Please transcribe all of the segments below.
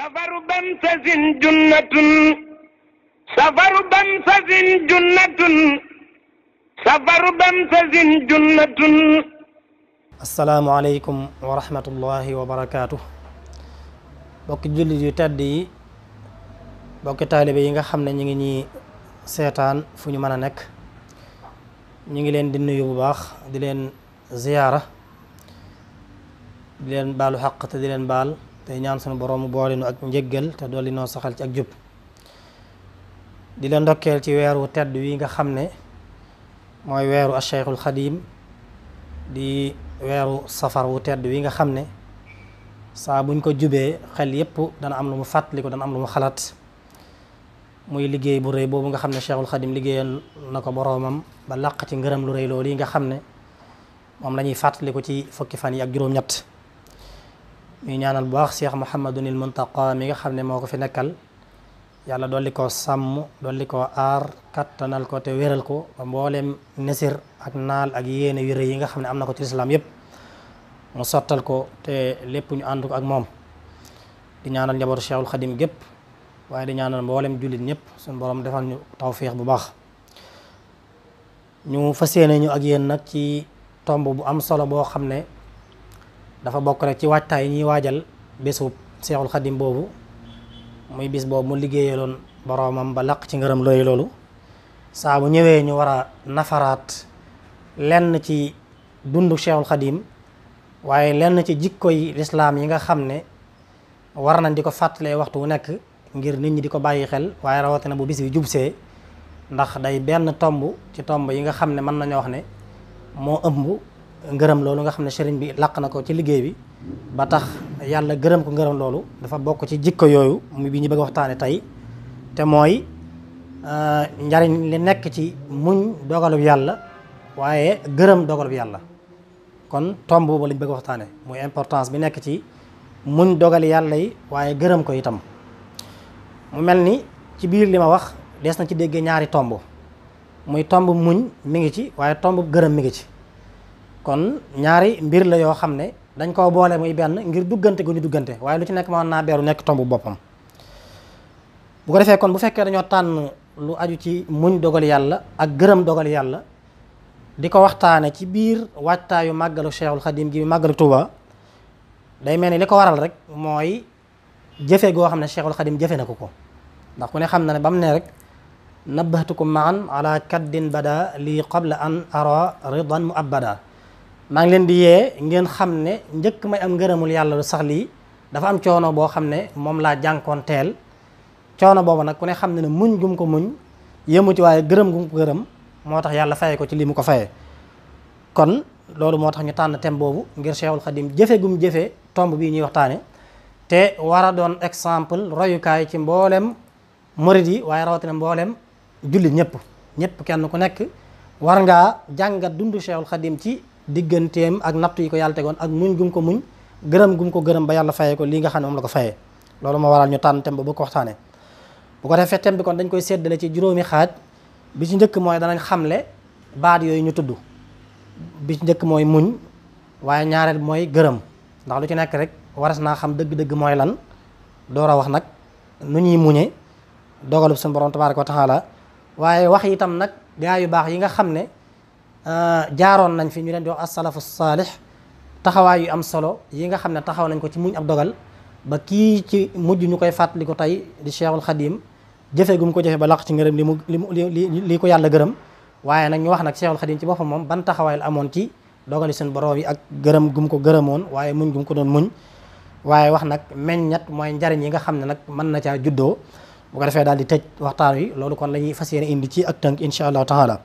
safaru bansasin junnatun safaru bansasin junnatun safaru bansasin junnatun asalaamualeykum bokki jullit yu tedd yi bokki taalibe nga xam ne ñu ngi ñuy seetaan fu ñu mën a nekk ñu ngi leen di nuyu bu baax di leen ziyaara di leen baalu xaq te di leen baal tey ñaan suñu boroomu boole ak njëggal te dolli noo saxal ci ak jub di la ndokkeel ci weeru tedd wii nga xam ne mooy weeru Cheikhul Xadim di weeru safar wu tedd wii nga xam ne saa buñ ko jubee xel yépp dana am lu mu fàttaliku dana am lu mu xalaat muy liggéey bu rëy boobu nga xam ne Cheikhul Xadim liggéeyal na ko boroomam ba làq ci ngërëm lu rëy loolu yi nga xam ne moom la ñuy fàttaliku ci fukki fan yi ak juróom-ñett ñuy ñaanal bu baax Cheikh Mouhamadunil Muntaqa mi nga xam ne moo ko fi nekkal yàlla dolli koo sàmm dolli ko aar kattanal ko te wéral ko ba mbooleem nesir ak naal ak yéene yu yi nga xam ne am na ko ci lislaam yëpp mu sottal ko te lépp ñu ànd ko ak moom di ñaanal njabootu Cheikhul Xadim gépp waaye di ñaanal mboolem jullit ñëpp suñu borom defal ñu tawfiix bu baax ñu fas yéene ak yéen nag ci tomb bu am solo boo xam ne dafa bokk rek ci waajtaay ñuy waajal bésub seexul xadim boobu muy bis boobu mu liggéeyaloon boroomam ba laq ci ngërëm looyu loolu saa ñëwee ñu war a nafaraat lenn ci dundu seexul xadim waaye lenn ci jikko yi lislaam yi nga xam ne war nañ di ko fàttalee waxtu wu nekk ngir nit ñi di ko bàyyi xel waaye rawatina bu bis bi jubsee ndax day benn tomb ci tomb yi nga xam ne mën nañu wax ne moo ëmb ngërëm loolu nga xam ne sëriñ bi làq na ko ci liggéey bi ba tax yàlla gërëm ko ngërëm loolu dafa bokk ci jikko yooyu mu bi ñu bëgg waxtaane tey te mooy euh, njariñ li nekk ci muñ dogalub yàlla waaye gërëm dogalub yàlla kon tomb boobu lañ bëgg waxtaane muy importance bi nekk ci muñ dogal yàlla yi waaye gërëm ko itam mu mel ni ci biir li ma wax des na ci déggee ñaari tomb muy tomb muñ mu ngi ci waaye tomb gërëm mi ngi ci kon ñaari mbir la yoo xam ne dañ koo boole muy benn ngir duggante gu ñu duggante waaye lu ci nekk mën naa beeru nekk tombu boppam bu ko defee kon bu fekkee dañoo tànn lu aju ci muñ dogal yàlla ak gërëm dogal yàlla di ko waxtaane ci biir waajtaayu màggalu Cheikhul Khadim gi màggalu Touba day mel ni li ko waral rek mooy jëfe goo xam ne Cheikhul Khadim jëfe na ko ko ndax ku ne xam na ne ba mu ne rek nabbahtukum maan ala kaddin bada lii qabla an ara ridan maa ngi leen di yee ngeen xam ne njëkk may am ngërëmul yàlla lu sax lii dafa am coono boo xam ne moom laa teel coono boobu nag ku ne xam ne ne muñ gum ko muñ yëmu ci waaye gërëm gum ko gërëm moo tax yàlla faye ko ci li mu ko fayee kon loolu moo tax ñu tànn thème boobu ngir Cheikhul Khadim jëfe gum jëfe tomb bii ñuy waxtaane te war a doon exemple royukaay ci mboolem murid yi waaye rawatina mboolem julli ñëpp ñëpp kenn ku nekk war ngaa jàngat dundu Cheikhul Khadim ci digganteem ak nattu yi ko yàlla tegoon ak muñ gum ko muñ gërëm gum ko gërëm ba yàlla fayee ko lii nga xam ne moom la ko fayee loolu moo waral ñu tànn thème ba bu ko waxtaanee bu ko defee thème bi kon dañ koy seddale ci juróomi xaaj bi ci njëkk mooy danañ xamle baat yooyu ñu tudd bi ci njëkk mooy muñ waaye ñaareel mooy gërëm ndax lu ci nekk rek waras naa xam dëgg-dëgg mooy lan door a wax nag nu ñuy muñe dogalu suñu borom tabaaraka ko taala waaye nag gaa yu baax yi nga xam ne Euh, jaaroon nañ fi ñu leen di wax asalafu saalih taxawaay yu am solo yi nga xam ne taxaw nañ ko ci muñ ak dogal ba kii ci mujj ñu koy fàttali ko tey di Cheikhul Khadim jëfe gum ko jëfe ba lax ci ngërëm li mu li li ko yàlla gërëm waaye nag ñu wax nag Cheikhul Khadim ci boppam moom ban taxawaay la amoon ci dogali seen borom yi ak gërëm gum ko gërëmoon waaye muñ gum ko doon muñ waaye wax nag meññat mooy njariñ yi nga xam ne nag mën na caa juddoo bu ko defee daal di tëj waxtaan wi loolu kon la ñuy fas yéene indi ci ak tënk incha allahu taala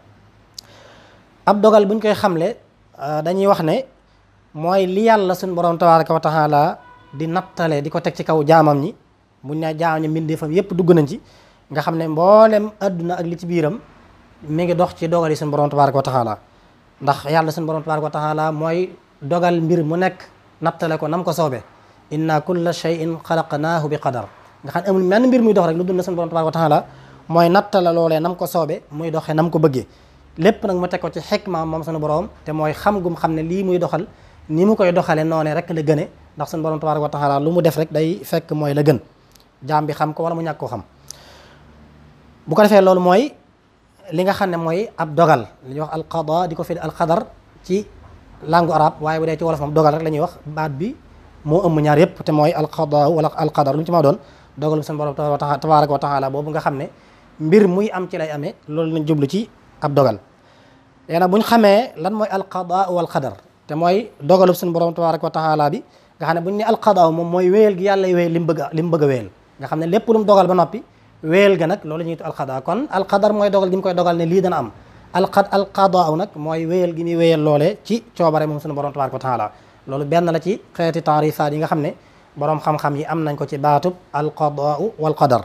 ab dogal ñu koy xamle euh, dañuy wax ne mooy li yàlla suñ borom tabaraka wa taala di nattale di ko teg ci kaw jaamam ñi buñ ne jaamam ñi mbindeefam yépp dugg nañ ci nga xam ne mboolem àdduna ak li ci biiram mi ngi dox ci dogal yi suñ borom tabaraka wa taala ndax yàlla suñ borom tabaraka wa taala mooy dogal mbir mu nekk nattale ko nam ko soobee inna kulla shay'in xalaqnaahu bi qadar nga xam ne amul menn mbir muy dox rek lu dul na suñ borom tabaraka wa taala mooy nattale loolee nam ko soobee muy doxee nam ko bëggee lépp nag mu teg ko ci xikma moom suñu boroom te mooy xam gum xam ne lii muy doxal ni mu koy doxale noonee rek la gëne ndax suñu borom tabaaraka wa taala lu mu def rek day fekk mooy la gën jaam bi xam ko wala mu ñàkk koo xam bu ko defee loolu mooy li nga xam ne mooy ab dogal li ñuy wax alqada di ko firi alqadar ci langue waaye bu dee ci wolof moom la ñuy wax baat bi moo ëmb ñaar yépp te mooy alqada wala alqadar lu ci ma doon dogal suñu borom tabaaraka wa taala boobu nga xam ne mbir muy am ci lay amee loolu lañ jublu ci ab dogal nee na bu ñu xamee lan mooy alqadaa wal qadar te mooy dogalub suñu borom tabaaraka wa taala bi nga xam ne bu ñu ne alqadaa moom mooy wéyal gi yàlla wéyal li mu bëgg a li mu nga xam ne lépp lu dogal ba noppi wéyal nag loolu ñuy tudd alqadaa kon alqadar mooy dogal gi mu koy dogal ne lii dana am alqad alqadaa nag mooy wéyal gi muy wéyal loole ci coobare moom suñu borom tabaaraka wa taala loolu benn la ci xeeti taarifaat yi nga xam ne boroom xam-xam yi am nañ ko ci baatub alqadaa wal qadar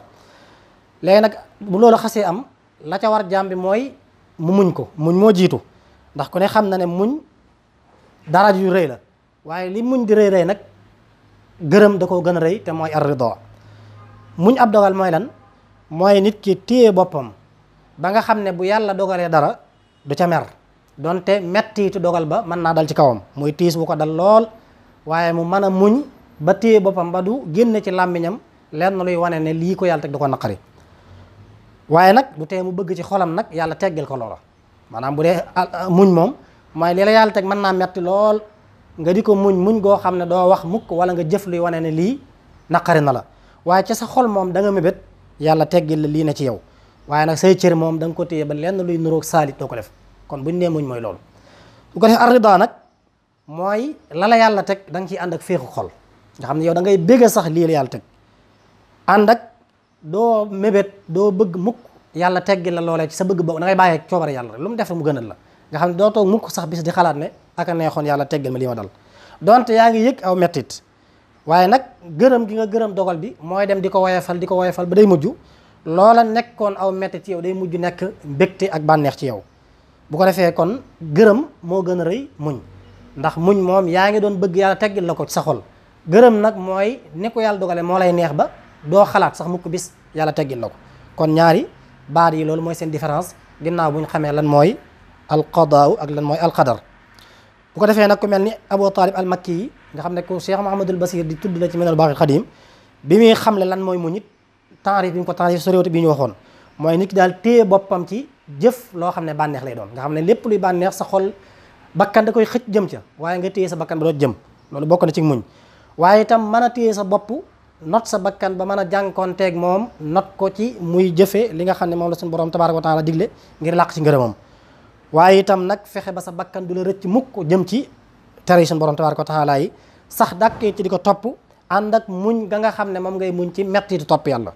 léegi nag bu loolu xasee am la ca war jaam bi mooy mu muñ ko muñ moo jiitu ndax ku ne xam na ne muñ dara yu rëy la waaye li muñ di rëy rëy nag gërëm da koo gën a rëy te mooy ar-ridaa muñ ab dogal mooy lan mooy nit kii téye boppam ba nga xam ne bu yàlla dogalee dara du ca mer donte mettiitu dogal ba mën naa dal ci kawam muy tiis bu ko dal lool waaye mu mën a muñ ba téye boppam ba du génn ci làmmiñam lenn luy wane ne lii ko yàlla teg da ko naqari waaye nag bu tee mu bëgg ci xolam nag yàlla teggal ko loola maanaam bu dee ah, ah, muñ moom mooy li la yàlla teg mën naa metti lool nga di ko muñ muñ goo xam ne doo wax mukk wala nga jëf luy wane ne lii naqari na la waaye ca sa xol moom da nga mébét yàlla teggil la lii na ci yow waaye nag say cër moom da nga ko téye ba lenn luy nuroog saalit ko def kon buñ nee muñ mooy loolu su ko nag mooy la yàlla teg da ciy ànd ak féexu xol nga xam ne yow da ngay bégg sax lii la yàlla teg doo mébét doo bëgg mukk yàlla teggi la loolee ci sa bëgg boobu da ngay bàyyi coobare yàlla lu mu def mu gënal la nga xam ne doo toog mukk sax bis di xalaat ne aka neexoon yàlla teggal ma li ma dal donte yaa ngi yëg aw mettit waaye nag gërëm gi nga gërëm dogal bi mooy dem di ko woyefal di ko woyefal ba day mujj loola nekkoon aw mettit yow day mujj nekk mbégte ak bànneex ci yow bu ko defee kon gërëm moo gën a rëy muñ ndax muñ moom yaa ngi doon bëgg yàlla teggil la ko ci gërëm nag mooy ni ko yàlla dogale moo lay neex ba doo xalaat sax mukk bis yàlla teggil la ko kon ñaari baat yi loolu mooy seen différence ginnaaw bu ñu xamee lan mooy alqadaaw ak lan mooy alqadar bu ko defee nag ku mel ni Abu Talib al makki yi nga xam ne ku Cheikh Mahamadul Basir di tudd la ci Minal Baaxil Xadim bi muy xamle lan mooy muñ it taarif bi mu ko taarif sa réewte bi ñu waxoon mooy nit ki daal téye boppam ci jëf loo xam ne bànneex lay doon nga xam ne lépp luy bànneex sa xol bakkan da koy xëcc jëm ca waaye nga téye sa bakkan ba jëm loolu bokk na ci muñ not sa bakkan ba mën a jànkoon jànkonteeg moom not ko ci muy jëfe li nga xam ne moom la suñu borom tabaaraka wa taala digle ngir làq ci ngërëmam waaye itam nag fexe ba sa bakkan du la rëcc mukk jëm ci tere yi suñu borom tabaaraka wa taala yi sax dàkkee ci di ko topp ànd ak muñ ga nga xam ne moom ngay muñ ci mettitu topp yàlla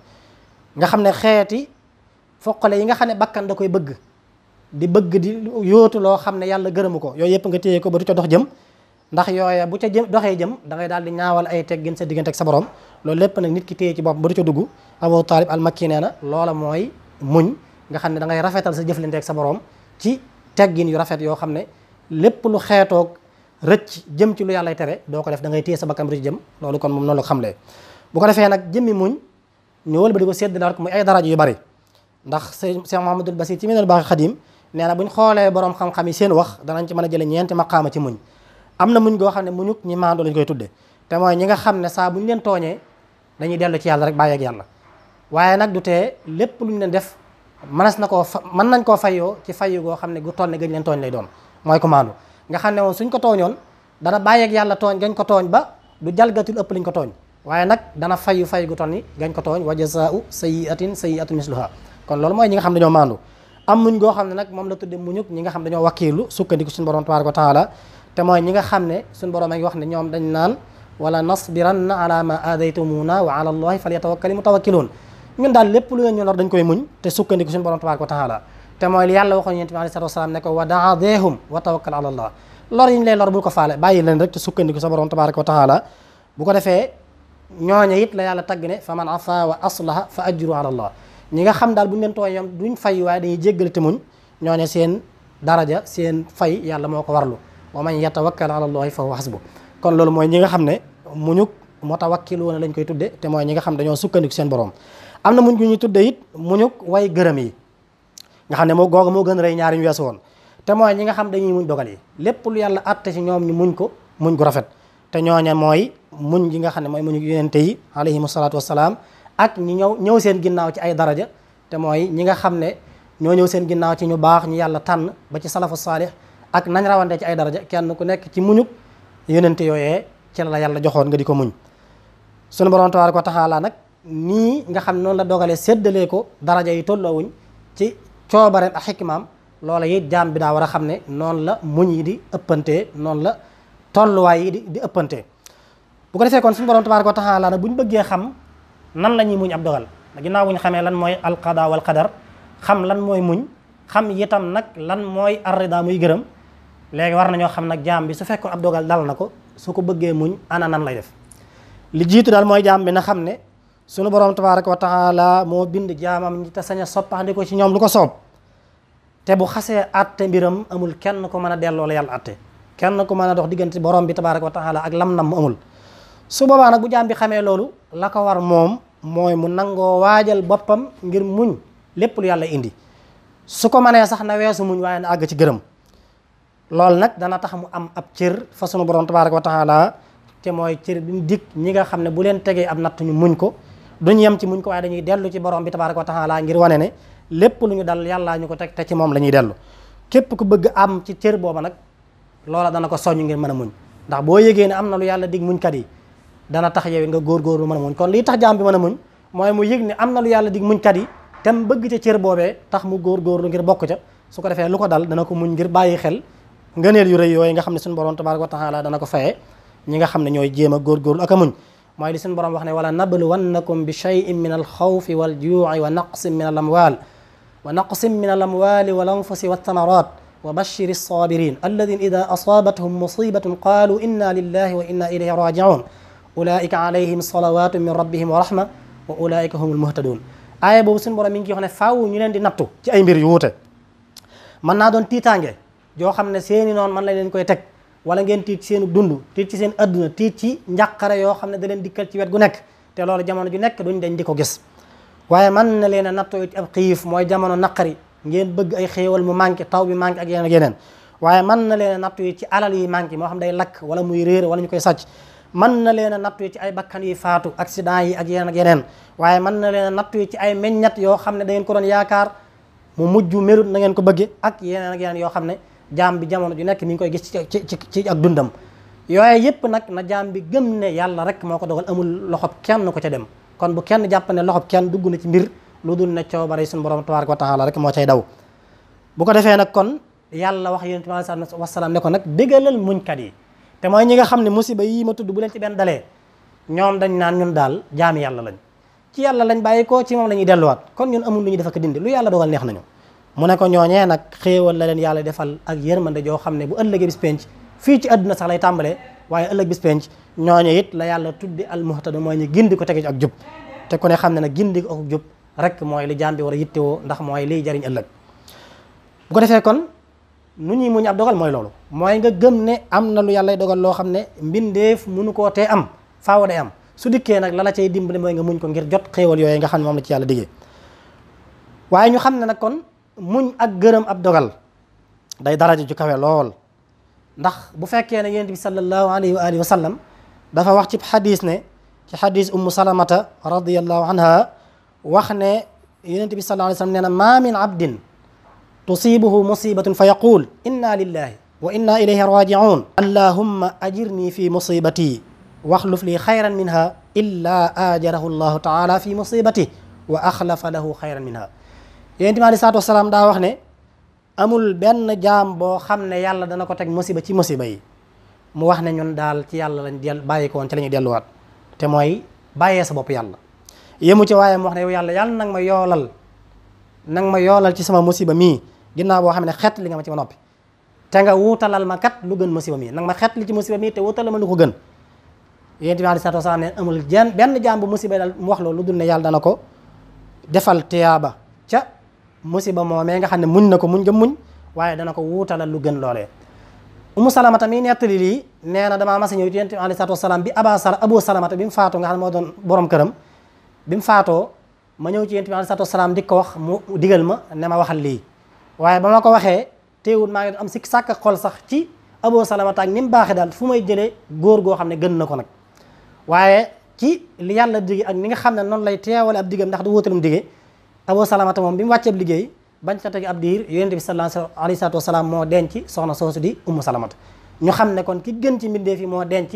nga xam ne xeeti foqale yi nga xam ne bakkan da koy bëgg di bëgg di yóotu loo xam ne yàlla gërëmu ko yooyu yëpp nga téye ko ba du ca dox jëm ndax yooya bu ca jëm doxee jëm dangay ngay daal di ñaawal ay teggin sa diggante ak sa borom loolu lépp nag nit ki téye ci bopp ba du ca dugg Abu Taalib al-Makki nee na loola mooy muñ nga xam ne da ngay rafetal sa jëflante ak sa borom ci teggin yu rafet yoo xam ne lépp lu xeetoog rëcc jëm ci lu yàllay tere doo ko def da ngay téye sa bakkan rëcc jëm loolu kon moom noonu la ko xamlee bu ko defee nag jëmmi muñ ñu wël ba di ko sedd la rek muy ay daraja yu bari ndax sëñ sëñ Muhammadul Basiir ci Minanul Baaqil Xadiim nee na buñ xoolee borom xam yi seen wax danañ ci mën a jële ñeenti maqaama ci muñ am na muñ goo xam ne muñuk ñi maandoo lañ koy tudde te mooy ñi nga xam ne saa buñ leen tooñee dañuy dellu ci yàlla rek bàyyi ak yàlla waaye nag du tee lépp lu ñu ne def mënees na koo fa mën nañ koo fayoo ci fayu goo xam ne gu toll ne gañ leen tooñ lay doon mooy commande nga xam ne moom suñ ko tooñoon dana bàyyi yàlla tooñ gañ ko tooñ ba du jalgatul ëpp lañ ko tooñ waaye nag dana fayu fay gu toll ni gañ ko tooñ wa jazaa'u sayyi'atin sayyi'atun misluha kon loolu mooy ñi nga xam dañoo maandu am muñ goo xam ne nag moom la tudde muñuk ñi nga xam dañoo wakkiilu sukkandiku suñu borom tabaaraka wa taala te mooy ñi nga xam ne suñu borom a ngi wax ne ñoom dañ naan wala nasbiranna ala ma aadaytumuna wa ala allahi falyatawakkali mutawakkiluun ñun daal lépp lu leen ñu lor dañ koy muñ te sukkandiku suñu borom tabaraka wa taala te mooy yàlla waxoon yonent bi alayhi salaatu wasalaam ne ko wa daadehum wa tawakkal ala allah lor yi ñu lay lor bul ko faale bàyyi leen rek te sukkandiku sa borom tabaraka wa ko defee ñooñe it la yàlla tagg ne fa man afa wa aslaha fa ajru ala allah ñi nga xam daal bu ñu leen tooy ñoom duñ fay waaye dañuy jéggale te muñ ñooñe seen daraja seen fay yàlla moo ko warlu wa man yatawakkal ala allahi fa huwa hasbu kon loolu mooy ñi nga xam ne muñuk mutawakkiluuna lañ koy tudde te mooy ñi nga xam dañoo sukkandiku seen borom am na muñ gu ñu tudde it muñuk way gërëm yi nga xam ne moo googa moo gën a rey ñaari ñu weesu woon te mooy ñi nga xam dañuy muñ dogal yi lépp lu yàlla atte ci ñoom ñu muñ ko muñ gu rafet te ñooña mooy muñ gi nga xam ne mooy muñu yonente yi alayhim salaatu wasalaam ak ñi ñëw ñëw seen ginnaaw ci ay daraja te mooy ñi nga xam ne ñoo ñëw seen ginnaaw ci ñu baax ñu yàlla tànn ba ci salafu saalih ak nañ rawante ci ay daraja kenn ku nekk ci muñuk yonente yooyee ci la yàlla joxoon nga di ko muñ sunu borom tabaaraka wa taala nag nii nga xam noonu la dogalee séddalee ko daraja yi wuñ ci coobareem ak xikmaam loola it jaam bi daa war a xam ne noonu la muñ yi di ëppantee noonu la tolluwaay yi di di ëppantee bu ko defee kon suñu borom ko wa taala nag bu ñu bëggee xam nan la ñuy muñ ab dogal ginnaaw bu ñu xamee lan mooy alqada wal qadar xam lan mooy muñ xam itam nag lan mooy arrida muy gërëm léegi war na ñoo xam nag jaam bi su fekkoon ab dogal dal na ko su ko bëggee muñ ana nan lay def li jiitu daal mooy jaam bi na xam ne sunu borom tabaaraka wa taala moo bind jaamam ñi te sañ a ci ñoom lu ko soob te bu xasee atte mbiram amul kenn ko mën a delloo yàlla atte kenn ku mën a dox diggante borom bi tabaaraka wa taala ak lam nam mu su boobaa nag bu jaam bi xamee loolu la ko war moom mooy mu nangoo waajal boppam ngir muñ lépp lu yàlla indi su ko mënee sax na weesu muñ waaye na àgg ci gërëm loolu nag dana tax mu am ab cër fa sunu borom tabaaraka wa taala te mooy cër bi mu dikk ñi nga xam ne bu leen tegee ab natt ñu muñ ko duñ yem ci muñ ko waaye dañuy dellu ci borom bi tabaaraka wa laa ngir wane ne lépp lu ñu dal yàllaa ñu ko teg te ci moom la ñuy dellu képp ku bëgg am ci cër booba nag loola dana ko soññ ngir mën a muñ ndax boo yégee ne am na lu yàlla dig muñkat yi dana tax yow nga góorgóorlu mën a muñ kon lii tax jaam bi mën a mu yëg ne am na yàlla dig muñkat yi te mu bëgg ca cër boobee tax mu góorgóorlu ngir bokk ca su ko defee lu ko dal dana ko muñ ngir bàyyi xel ngëneel yu rëy yooyu nga xam ne suñu borom tabaaraka wa taala dana ko faye ñi nga xam ne ñooy jéem a góorgóorlu ak a muñ mooy li suñu borom wax ne wala nabluwannakum bi cheyin min alxawfi wal juuci wa naqsin min al amwal wa naqsin min al amwali wal anfusi walthamarat wa bashir alsabirin alladina ida asaabathum musibatun qalu inna lillahi wa inna ilayhi rajiun ulaika alayhim salawatu min rabbihim wa rahma wa ulaika humul muhtadun aaya boobu suñu borom mi ngi wax ne faaw ñu leen di nattu ci ay mbir yu wuute mën naa doon tiitaange joo xam ne seeni noon man lañ leen koy teg wala ngeen tiit ci seenu dund tiit ci seen adduna tiit ci njàqare yoo xam ne da leen dikkal ci wet gu nekk te loolu jamono ju nekk duñ dañ di ko gis waaye mën na leen a nattoo it ab xiif mooy jamono naqari ngeen bëgg ay xéewal mu manqué taw bi manqué ak yeneen ak yeneen waaye mën na leen a nattu yi ci alal yi manqué moo xam day lakk wala muy réer wala ñu koy sàcc mën na leen a nattu yi ci ay bakkan yi faatu accident yi ak yeneen ak yeneen waaye mën na leen a nattu ci ay meññat yoo xam ne da ngeen ko doon yaakaar mu mujju merut na ngeen ko bëgge ak yeneen ak yeneen yoo xam ne jaam bi jamono ju nekk ni ngi koy gis ci ci ci ak dundam yooye yëpp nag na jaam bi gëm ne yàlla rek moo ko dogal amul loxob kenn ko ca dem kon bu kenn jàpp ne loxob kenn dugg na ci mbir lu dul ne coobare suñu borom tabaaraka ko taala rek moo cay daw bu ko defee nag kon yàlla wax yonent sa aleyhi wasalaam ne ko nag déggalal muñkat yi te mooy ñi nga xam ne musiba yii ma tudd bu leen ci benn dalee ñoom dañ naan ñun daal jaami yàlla lañ ci yàlla lañ bàyyi ko ci moom la ñuy delluwaat kon ñun amul lu yàlla dogal neex nañu mu ne ko ñooñee nag xéewal la leen yàlla defal ak yërmande joo xam ne bu ëllëgee bis penc fii ci àdduna sax lay tàmbalee waaye ëllëg bis penc ñooñee it la yàlla tuddi al muhtadu mooy ñu gindi ko tege ak jub te ku ne xam ne nag gindi ko ak jub rek mooy li jaam bi war a yittewoo ndax mooy liy jariñ ëllëg bu ko defee kon nu ñuy muñ ab dogal mooy loolu mooy nga gëm ne am na lu yàlla dogal loo xam ne mbindee mbindeef munu koo tee am faaw day am su dikkee nag la la cay dimbali mooy nga muñ ko ngir jot xéewal yooyu nga xam ne moom la ci yàlla diggee waaye muñ ak gërëm ab dogal day daraja ju kawe lool ndax bu fekkee ne yonent bi sallallahu alayhi wa alihi wa sallam dafa wax ci xadis ne ci xadis ummu salamata radiyallahu anha wax ne yonent bi sallallahu alayhi wa sallam nee na maa min abdin tusibuhu musibatun fa yaqul inna lillahi wa inna ilayhi rajiun allahumma ajirni fi musibati waxluf li xayran minha illa ajarahu allahu taala fi musibati wa axlafa lahu xayran minha yonent bi aleyhi salaatu wasalaam daa wax ne amul benn jaam boo xam ne yàlla dana ko teg musiba ci musiba yi mu wax ne ñun daal ci yàlla lañ del bàyyi ko ci la ñuy delluwaat te mooy bàyyee sa bopp yàlla yemu ci waaye mu wax ne yàlla yàlla nanga ma yoolal nag ma yoolal ci sama musiba mii ginnaaw boo xam ne xet li nga ma ci ma noppi te nga wuutalal ma kat lu gën musiba mii nag ma xet li ci musiba mii te wuutalal ma lu ko gën yonent bi aleyhi salaatu wasalaam amul jenn benn jaam bu musiba daal wax loolu lu dul ne yàlla dana ko defal tiyaaba ca musiba moomee nga xam ne muñ na ko muñ gëm muñ waaye dana ko wuutalal lu gën loolee umu salamata mi nettali lii nee na damaa mas a ñëw yonent bi alayhi salaatu wasalaam bi aba sala abu salamata bi mu faatoo nga doon borom këram bi mu faatoo ma ñëw ci yonent bi alayhi salaatu wasalaam di ko wax mu digal ma ne ma waxal lii waaye ba ma ko waxee teewul maa ngi am si sàkk xol sax ci aboo salamata ak ni mu baaxee daal fu may jëlee góor goo xam ne gën na ko nag waaye ci li yàlla dige ak ni nga xam ne noonu lay teewale ab digam ndax du wóotalum dige Abu salaamata moom bi mu wàcceeb liggéey bañ ca teg ab diir yonente bi sallallahu alayhi wa moo denc soxna soosu di Ummu Salamata ñu xam ne kon ki gën ci mbindeef yi moo denc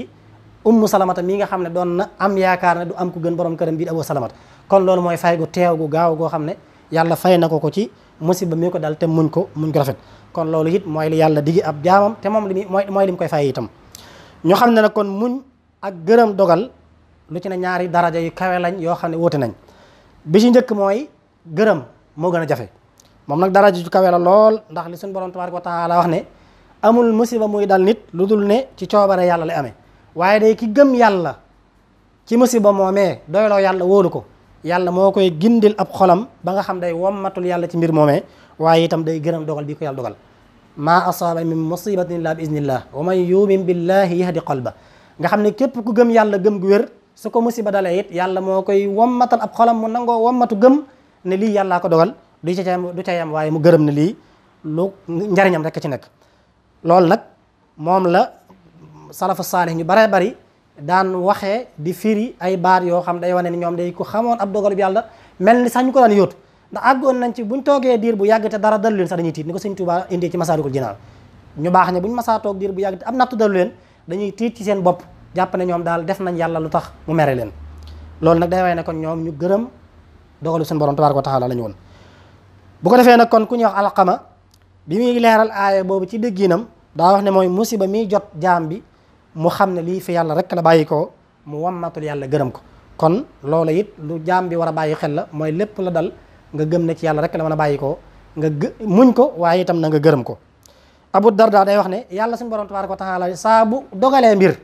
Ummu Salamata mii nga xam ne doon na am yaakaar ne du am ku gën borom këram bii Abu Salamata kon loolu mooy fay gu teew gu gaaw goo xam ne yàlla fay na ko ko ci musiba mi ko dal te muñ ko muñ ko rafet kon loolu it mooy li yàlla digi ab jaamam te moom li muy mooy li mu koy fay itam ñu xam ne nag kon muñ ak gërëm dogal lu ci ne ñaari daraja yu kawe lañ yoo xam ne wóote nañ bi ci njëkk mooy gërëm moo gën a jafe moom nag dara ju kawe la lool ndax li suñu borom tabaaraka wa taala wax ne amul musiba muy dal nit lu dul ne ci coobare yàlla lay amee waaye day ki gëm yàlla ci musiba moomee doyloo yàlla woolu ko yàlla moo koy gindel ab xolam ba nga xam day wommatul yàlla ci mbir moomee waaye itam day gërëm dogal bi ko yàlla dogal maa asaaba min musibatin illaa bi iznillah wa man yumin billahi yahdi qalba nga xam ne képp ku gëm yàlla gëm gu wér su ko musiba dalee it yàlla moo koy wommatal ab xolam mu nangoo wommatu gëm ne lii yàllaa ko dogal du ca yam du ca yam waaye mu gërëm ne lii lu njariñam rek ci nekk loolu nag moom la salafu saalih ñu baree bari daan waxee di firi ay baat yoo xam day wane ni ñoom day ko xamoon ab dogal yàlla mel ni sax ñu ko daan yóotu ndax àggoon nañ ci buñ toogee diir bu yàgg te dara dalu leen sax dañuy tiit ni ko sëñ Tuubaa indee ci Masaalikul Jinaan ñu baax ne buñ masaa toog diir bu yàgg te am nattu dalu leen dañuy tiit ci seen bopp jàpp ne ñoom daal def nañ yàlla lu tax mu mere leen dogalu suñu borom tabaaraka wa taala la ñu woon bu ko defee nag kon ku ñuy wax alqama bi muy leeral aaya boobu ci dégginam daa wax ne mooy musiba muy jot jaam bi mu xam ne lii fi yàlla rek la bàyyi ko mu wammatul yàlla gërëm ko kon loola it lu jaam bi war a bàyyi xel la mooy lépp la dal nga gëm ne ci yàlla rek la mën a bàyyi ko nga muñ ko waaye itam na nga gërëm ko abu darda day wax ne yàlla suñu borom tabaaraka ko taala saa bu dogalee mbir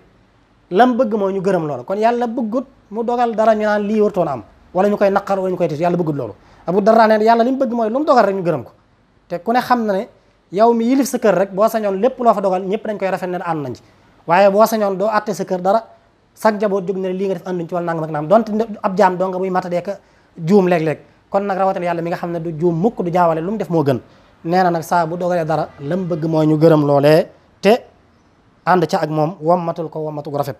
lam bëgg moo ñu gërëm loola kon yàlla bëggut mu dogal dara ñu lii wartoon am wala ñu koy naqar wala ñu koy tiis yàlla bëgg loolu abu darra neen yàlla li bëgg mooy lu mu dogal rek ñu ko te ku ne xam na mi yilif sa kër rek boo sañoon lépp loo fa dogal ñëpp dañ koy rafet ne ànd nañ ci waaye boo sañoon doo àtte sa kër dara sag jaboot jóg ne lii nga def ànduñ ci wala nangam ak naam donte ab jaam doo nga muy matadeeka juum léeg-léeg kon nag rawatina yàlla mi nga xam ne du juum mukk du jaawale lu mu def moo gën nee na nag saa bu dogalee dara lam bëgg mooy ñu gërëm loolee te ànd ca ak moom wammatul ko wammatul rafet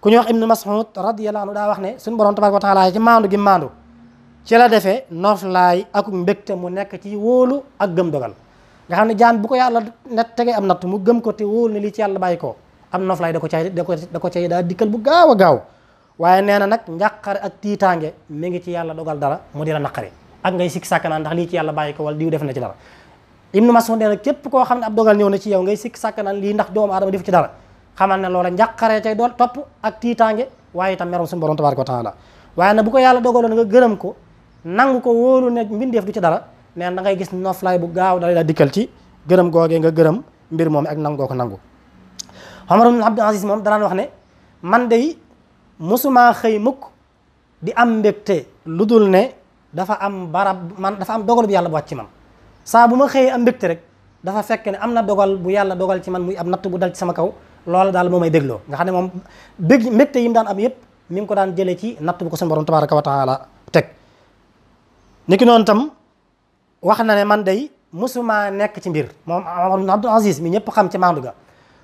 ku ñuy wax ibnu mas'ud radiyallahu anhu daa wax ne su borom tabaraka wa taala ci maandu gi maandu ci la defee noflaay ak mbégte mu nekk ci woolu ak gëm dogal nga xam ne jaan bu ko yàlla net tegee am mu gëm ko te wóolu ne lii ci yàlla bàyyi ko am noflaay da ko cay da ko da ko cay daa dikkal bu gaaw na nag njàqare ak ngi ci yàlla dogal dara mu di la naqare ak ngay sikk sàkk naan ndax lii ci yàlla bàyyi ko wala diw def na ci dara ibnu mas'ud nee na képp koo xam ne ab dogal ñëw na ci yow ngay sikk sàkk lii ndax doomu aadama def ci dara xamal ne loola njàqaree cay doon topp ak tiitaange waaye itam merum suñu borom ko wa taala waaye na bu ko yàlla dogaloon nga gërëm ko nangu ko wóolu ne mbindeef du ci dara neen da ngay gis noflaay bu gaaw dalay la dikkal ci gërëm googee nga gërëm mbir moom ak nangoo ko nangu Omar ibn Abdul Aziz moom danaan wax ne man day mosumaa xëy mukk di am mbégte lu dul ne dafa am barab man dafa am dogal bu yàlla bu wàcc ci man saa bu ma xëyee am mbégte rek dafa fekk ne am na dogal bu yàlla dogal ci man muy ab natt dal ci sama kaw loola daal moo may bégloo nga xam ne moom bég mbégte yi mu daan am yëpp mi ngi ko daan jëlee ci nattu bu ko seen borom tabaraka wa taala teg niki noonu tam wax na ne man day musuma nekk ci mbir moom Omar ibn Abdul Aziz mi ñëpp xam ci maandu ga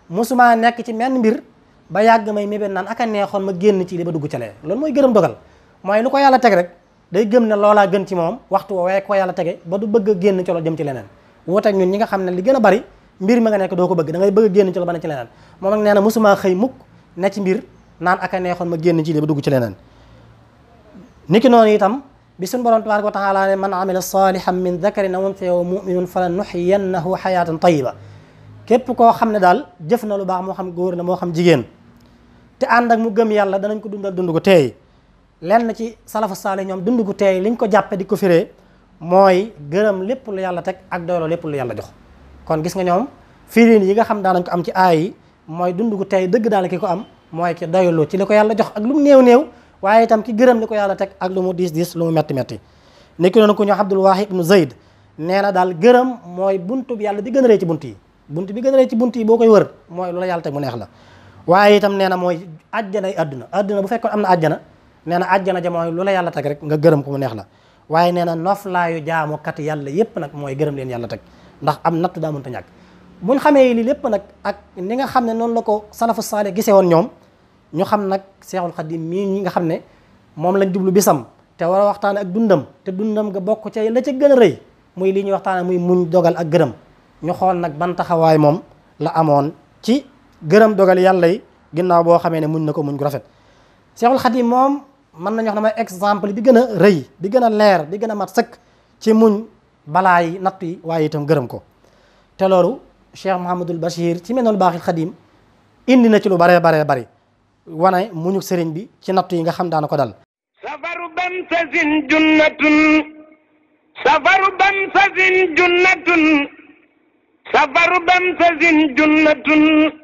musuma nekk ci menn mbir ba yàgg may mébét naan aka neexoon ma génn ci li ba dugg ca lee loolu mooy gërëm dogal mooy lu ko yàlla teg rek day gëm ne loolaa gën ci moom waxtu woowee ko yàlla tege ba du bëgg a génn ci loolu jëm ci leneen wuuteeg ñun ñi nga xam ne li gën a bari mbir mi nga nekk doo ko bëgg dangay ngay génn ci la ba ne ci leneen moom nag nee xëy mukk ne ci mbir naan ak a neexoon ma génn ci li dugg ci leneen niki noonu itam bi suñu borom tabaraka wa taala ne man amila salihan min dakarin aw unsa wa muminun fala nuxiyannahu xayaatan tayiba képp koo xam ne daal jëf na lu baax moo xam góor na moo xam jigéen te ànd ak mu gëm yàlla danañ ko dundal dund ko teey lenn ci salafu saali ñoom dund ko teey liñ ko jàppe di ko firee gërëm lépp yàlla teg ak doyloo lépp lu yàlla jox kon gis nga ñoom firin yi nga xam daanañ ko am ci aay yi mooy dund gu tey dëgg daal ki ko am mooy ki doylu ci li ko yàlla jox ak lu mu néew néew waaye itam ki gërëm li ko yàlla teg ak lu mu diis diis lu mu metti metti nekki noonu ku ñoo Abdul Wahid ibnu Zayd nee na daal gërëm mooy buntu bi yàlla di gën a ci bunt yi bunt bi gën ci bunt yi boo koy wër mooy loola yàlla teg mu la waaye itam nee na mooy àjjanay àdduna àdduna bu fekkoon am na ajjana nee na àjjana ja mooy lu la yàlla teg rek nga gërëm ko mu neex la waaye nee na noflaayu jaamukat yàlla yépp nag mooy gërëm leen yàlla teg ndax am natt daa mënta ñàkk buñ xamee lii lépp nag ak ni nga xam ne noonu la ko salafu saalih gisee woon ñoom ñu xam nag seexul xadim mii ñi nga xam ne moom lañ jublu bisam te war a waxtaan ak dundam te dundam nga bokk ca la ca gën a rëy muy lii ñuy waxtaan muy muñ dogal ak gërëm ñu xool nag ban taxawaay moom la amoon ci gërëm dogal yàlla yi ginnaaw boo xamee ne muñ na ko muñ gu rafet seexul xadim moom mën nañu wax ne mooy exemple di gën a rëy di gën a leer bi gën a mat sëkk balaay natt yi waaye itam gërëm ko te loolu Cheikh Mouhamadul Bachir ci mel noonu baaxil indi na ci lu baree baree bari wane muñu sëriñ bi ci natt yi nga xam daana ko dal safaru ban sasin junnatun safaru ban sasin junnatun